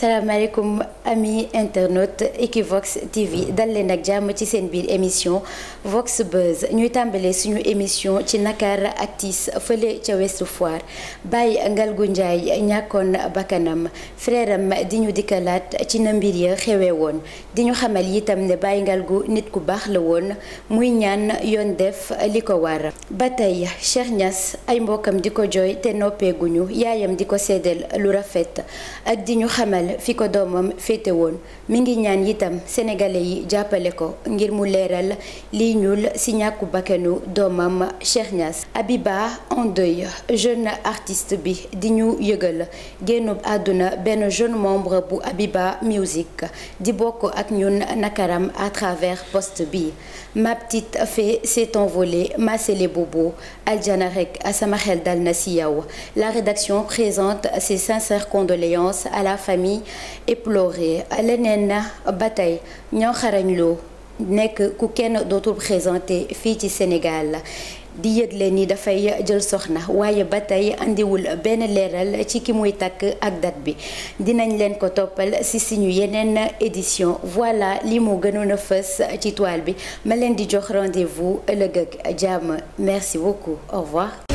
salaamaaleykum ami internet Equivox TV dal leen ak jàmm ci seen biir émission Vox Buzz ñuy tàmbalee suñu émission ci Nakar Actis fële ca Ouest Foire Baye Ngalgou Ndiaye ñàkkoon bakkanam frère di ñu dikkalaat ci na mbir ya xewee woon di ñu xamal itam ne bàyyi ngal gu nit ku baax la woon muy ñaan yoon def li ko war ba tey Cheikh ay mbokkam di ko jooy te noppeeguñu yaayam di ko seddal lu rafet ak di ñu xamal fenn fi ko doomam féete woon mi ngi ñaan itam sénégalais yi jàppale ko ngir mu leeral liy ñuul ci ñàkku bakkanu doomam Cheikh Niass. Abiba en deuil jeune artiste bi di ñu yëgal génnub àdduna benn jeune membre bu Abiba Music di bokk ak ñun nakaram à travers post bi ma petite fée s'est envolée ma sélé bobo aljana rek sama xel dal na ci yow la rédaction présente ses sincères condoléances à la famille famille éplorée leneen na ba tey ñoo xarañ loo nekk ku kenn dootul présenté fii ci Sénégal la di yëgle ni dafay jël soxna waaye ba tey andiwul benn leeral ci ki muy takk ak dat bi dinañ leen ko toppal si suñu yeneen édition voilà li mu gënoon a fës ci toile bi ma leen di jox rendez-vous ëllëg ak jàmm merci beaucoup au revoir.